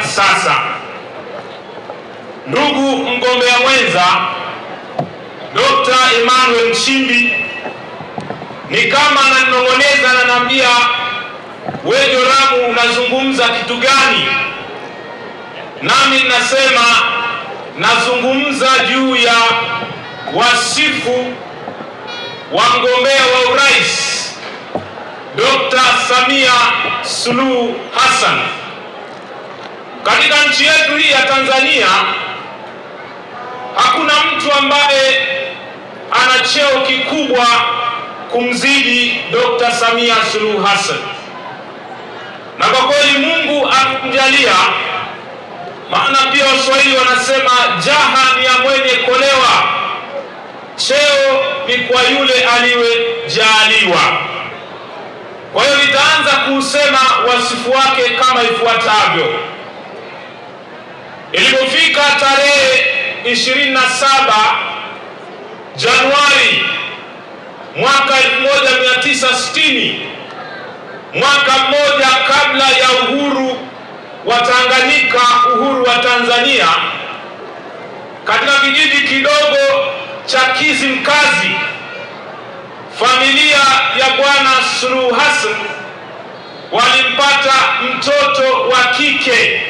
sasa. Ndugu mgombea mwenza Dr. Emmanuel Nchimbi ni kama ananong'oneza, ananiambia wewe Joramu, unazungumza kitu gani? Nami nasema nazungumza juu ya wasifu wa mgombea wa urais Dr. Samia Suluhu Hassan. Katika nchi yetu hii ya Tanzania hakuna mtu ambaye ana cheo kikubwa kumzidi Dr. Samia Suluhu Hassan, na kwa kweli Mungu akumjalia, maana pia Waswahili wanasema jaha ni ya mwenye kolewa, cheo ni kwa yule aliyejaliwa. Kwa hiyo nitaanza kuusema wasifu wake kama ifuatavyo. Ilipofika tarehe 27 Januari mwaka 1960, mwaka mmoja kabla ya uhuru wa Tanganyika, uhuru wa Tanzania, katika kijiji kidogo cha Kizimkazi, familia ya Bwana Suluhu Hassan walimpata mtoto wa kike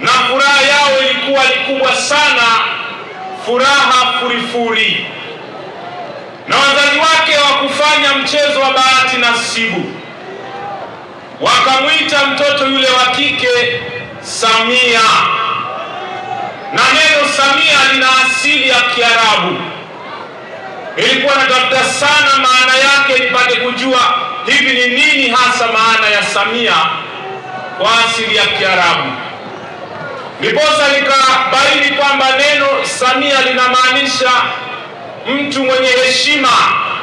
na furaha yao ilikuwa ni kubwa sana, furaha furifuri. Na wazazi wake wakufanya mchezo wa bahati nasibu, wakamwita mtoto yule wa kike Samia, na neno Samia lina asili ya Kiarabu. Ilikuwa natafuta sana maana yake nipate kujua hivi ni nini hasa maana ya Samia kwa asili ya Kiarabu. Ndiposa nikabaini kwamba neno Samia linamaanisha mtu mwenye heshima,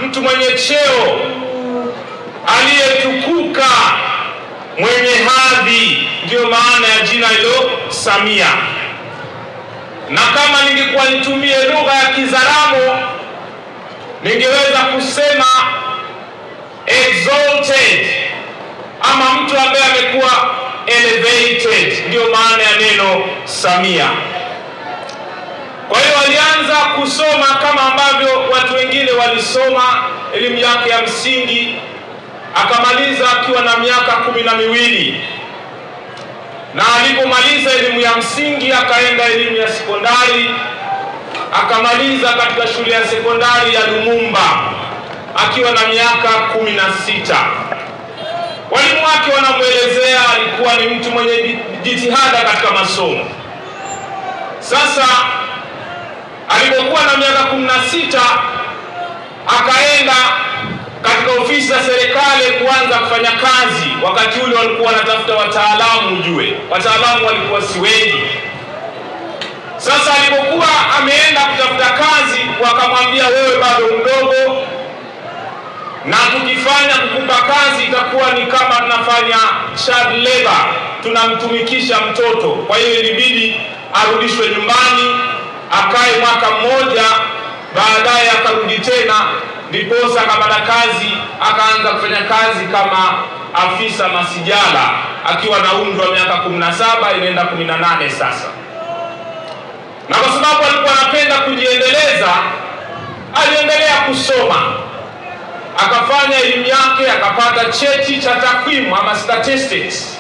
mtu mwenye cheo, aliyetukuka, mwenye hadhi. Ndiyo maana ya jina hilo Samia. Na kama ningekuwa nitumie lugha ya Kizaramo ningeweza kusema exalted, ama mtu ambaye amekuwa elevated, ndiyo maana ya neno Samia. Kwa hiyo alianza kusoma kama ambavyo watu wengine walisoma elimu yake ya msingi, akamaliza akiwa na miaka kumi na miwili na alipomaliza elimu ya msingi akaenda elimu ya sekondari, akamaliza katika shule ya sekondari ya Lumumba akiwa na miaka kumi na sita. Walimu wake wanamwelezea alikuwa ni mtu mwenye jitihada katika masomo. Sasa alipokuwa na miaka kumi na sita akaenda katika ofisi za serikali kuanza kufanya kazi. Wakati ule walikuwa wanatafuta wataalamu, ujue wataalamu walikuwa si wengi. Sasa alipokuwa ameenda kutafuta kazi, wakamwambia wewe bado mdogo na tukifanya kazi itakuwa ni kama tunafanya child labor, tunamtumikisha mtoto. Kwa hiyo ilibidi arudishwe nyumbani akae mwaka mmoja, baadaye akarudi tena, ndiposa akapata kazi, akaanza kufanya kazi kama afisa masijala akiwa na umri wa miaka 17 inaenda 18 sasa. Na kwa sababu alikuwa anapenda kujiendeleza, aliendelea kusoma akafanya elimu yake, akapata cheti cha takwimu ama statistics,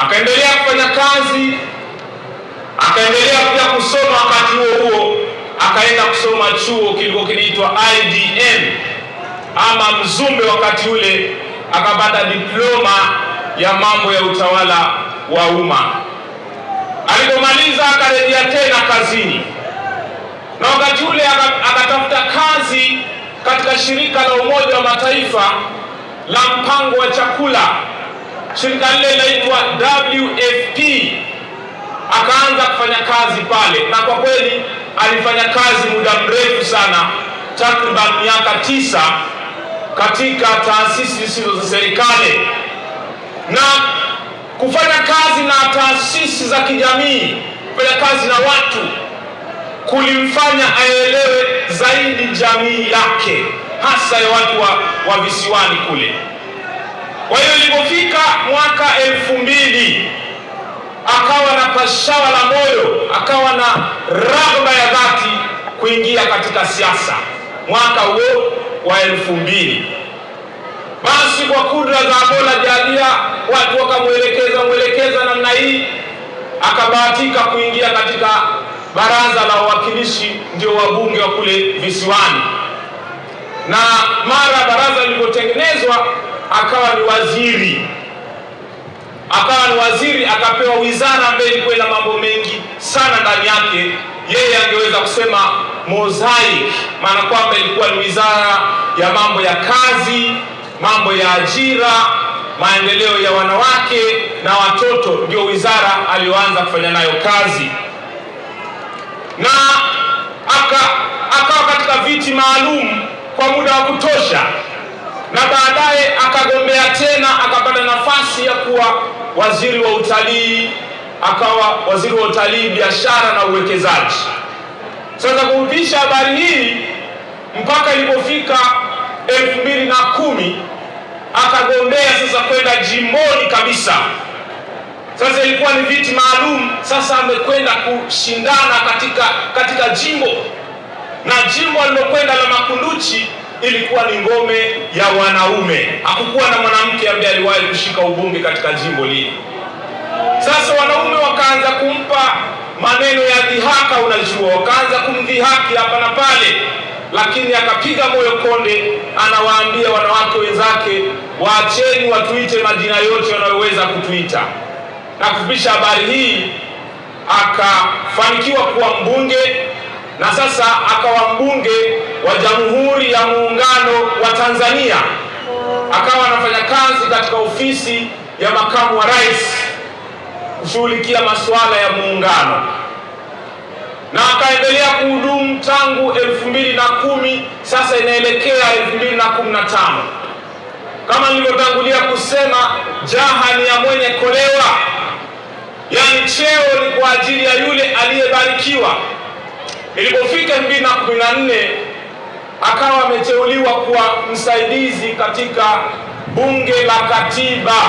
akaendelea kufanya kazi, akaendelea pia kusoma. Wakati huo huo akaenda kusoma chuo kilikuwa kinaitwa IDM ama Mzumbe wakati ule, akapata diploma ya mambo ya utawala wa umma. Alipomaliza akarejea tena kazini, na wakati ule akatafuta kazi katika shirika la Umoja wa Mataifa la mpango wa chakula, shirika lile linaitwa WFP. Akaanza kufanya kazi pale, na kwa kweli alifanya kazi muda mrefu sana, takriban miaka tisa katika taasisi zisizo za serikali na kufanya kazi na taasisi za kijamii, kufanya kazi na watu kulimfanya aelewe zaidi jamii yake hasa ya watu wa, wa visiwani kule. Kwa hiyo ilipofika mwaka elfu mbili akawa na pashawa la moyo, akawa na ragba ya dhati kuingia katika siasa mwaka huo wa elfu mbili. Basi kwa kudra za Mola Jalia watu wakamwelekeza mwelekeza namna hii, akabahatika kuingia katika baraza la wawakilishi ndio wabunge wa kule visiwani, na mara baraza lilipotengenezwa akawa ni waziri akawa ni waziri akapewa wizara ambayo ilikuwa na mambo mengi sana ndani yake. Yeye angeweza kusema mosaic, maana kwamba ilikuwa ni wizara ya mambo ya kazi, mambo ya ajira, maendeleo ya wanawake na watoto, ndio wizara aliyoanza kufanya nayo kazi na akawa katika viti maalum kwa muda wa kutosha, na baadaye akagombea tena akapata nafasi ya kuwa waziri wa utalii, akawa waziri wa utalii, biashara na uwekezaji. Sasa kuhupisha habari hii mpaka ilipofika elfu mbili na kumi akagombea sasa kwenda jimboni kabisa sasa ilikuwa ni viti maalum. Sasa amekwenda kushindana katika katika jimbo, na jimbo alilokwenda la Makunduchi ilikuwa ni ngome ya wanaume. Hakukuwa na mwanamke ambaye aliwahi kushika ubunge katika jimbo lile. Sasa wanaume wakaanza kumpa maneno ya dhihaka, unajua, wakaanza kumdhihaki hapa na pale, lakini akapiga moyo konde, anawaambia wanawake wenzake, waacheni watuite majina yote wanayoweza kutuita na kupisha habari hii, akafanikiwa kuwa mbunge na sasa akawa mbunge wa Jamhuri ya Muungano wa Tanzania, akawa anafanya kazi katika ofisi ya makamu wa rais kushughulikia masuala ya muungano, na akaendelea kuhudumu tangu elfu mbili na kumi sasa inaelekea elfu mbili na kumi na tano. Kama nilivyotangulia kusema, jaha ni ya mwenye kolewa yani cheo ni kwa ajili ya yule aliyebarikiwa. ilipofika mbili na kumi na nne akawa ameteuliwa kuwa msaidizi katika bunge la katiba,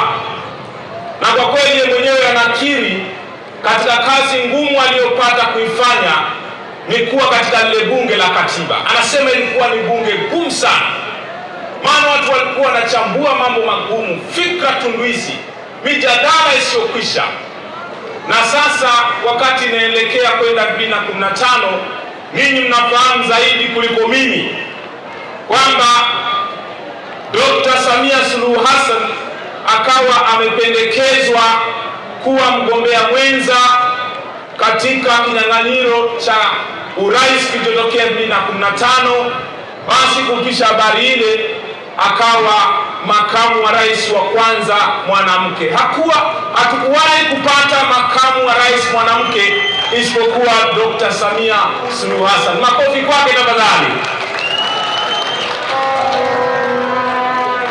na kwa kweli yeye mwenyewe anakiri katika kazi ngumu aliyopata kuifanya ni kuwa katika lile bunge la katiba. Anasema ilikuwa ni bunge gumu sana, maana watu walikuwa wanachambua mambo magumu, fikra tunduizi, mijadala isiyokwisha na sasa wakati inaelekea kwenda 2015 ninyi mnafahamu zaidi kuliko mimi kwamba Dr. Samia Suluhu Hassan akawa amependekezwa kuwa mgombea mwenza katika kinyang'anyiro cha urais kilichotokea 2015. Basi kupisha habari ile akawa makamu wa rais wa kwanza mwanamke. Hakuwa hatukuwahi kama rais mwanamke isipokuwa Dr. Samia Suluhu Hassan. Makofi kwake tafadhali.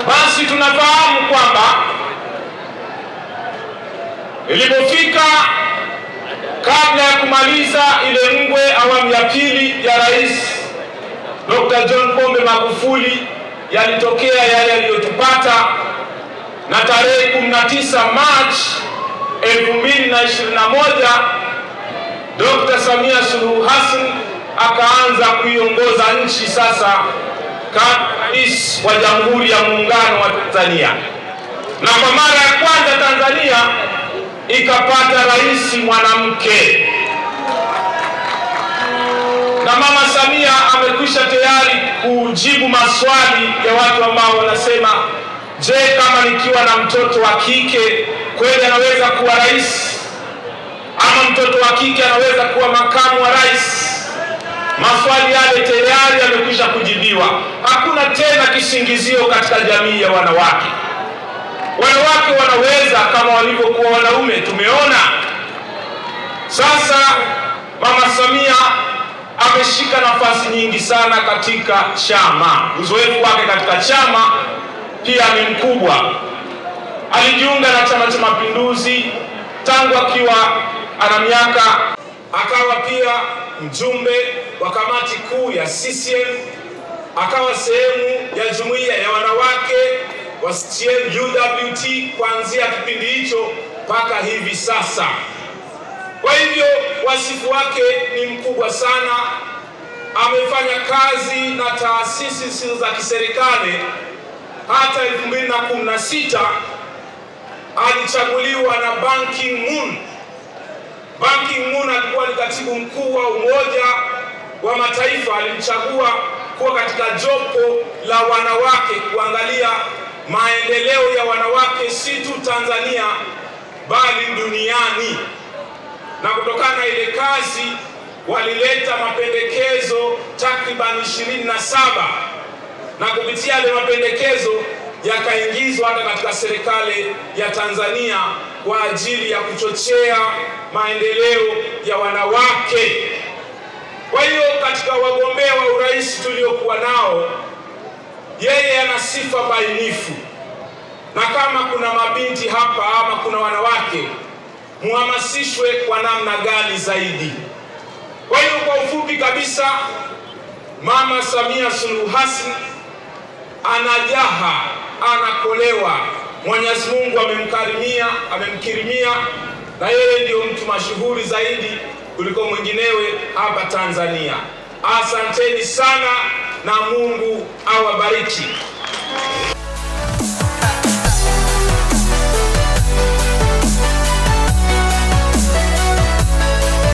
Basi tunafahamu kwamba ilipofika kabla ya kumaliza ile ngwe awamu ya pili ya rais Dr. John Pombe Magufuli yalitokea yale yaliyotupata, na tarehe 19 Machi elfu Dr. Samia Suluhu Hassan akaanza kuiongoza nchi sasa kama rais wa Jamhuri ya Muungano wa Tanzania, na kwa mara ya kwanza Tanzania ikapata rais mwanamke, na Mama Samia amekwisha tayari kujibu maswali ya watu ambao wanasema, je, kama nikiwa na mtoto wa kike kweli anaweza kuwa rais ama mtoto wa kike anaweza kuwa makamu wa rais. Maswali yale tayari yamekwisha kujibiwa, hakuna tena kisingizio katika jamii ya wanawake. Wanawake wanaweza kama walivyokuwa wanaume, tumeona sasa. Mama Samia ameshika nafasi nyingi sana katika chama, uzoefu wake katika chama pia ni mkubwa alijiunga na Chama cha Mapinduzi tangu akiwa ana miaka, akawa pia mjumbe wa kamati kuu ya CCM, akawa sehemu ya jumuiya ya wanawake wa CCM UWT kuanzia kipindi hicho mpaka hivi sasa. Kwa hivyo wasifu wake ni mkubwa sana. Amefanya kazi na taasisi zisizo za kiserikali hata 2016 alichaguliwa na Ban Ki-moon. Ban Ki-moon alikuwa ni katibu mkuu wa Umoja wa Mataifa, alimchagua kuwa katika jopo la wanawake kuangalia maendeleo ya wanawake si tu Tanzania bali duniani, na kutokana na ile kazi walileta mapendekezo takriban 27 na kupitia yale mapendekezo yakaingizwa hata katika serikali ya Tanzania kwa ajili ya kuchochea maendeleo ya wanawake. Kwa hiyo katika wagombea wa urais tuliokuwa nao, yeye ana sifa bainifu, na kama kuna mabinti hapa ama kuna wanawake, muhamasishwe kwa namna gani zaidi? Kwa hiyo kwa ufupi kabisa, Mama Samia Suluhu Hassan anajaha anakolewa. Mwenyezi Mungu amemkarimia, amemkirimia, na yeye ndiyo mtu mashuhuri zaidi kuliko mwinginewe hapa Tanzania. Asanteni sana na Mungu awabariki.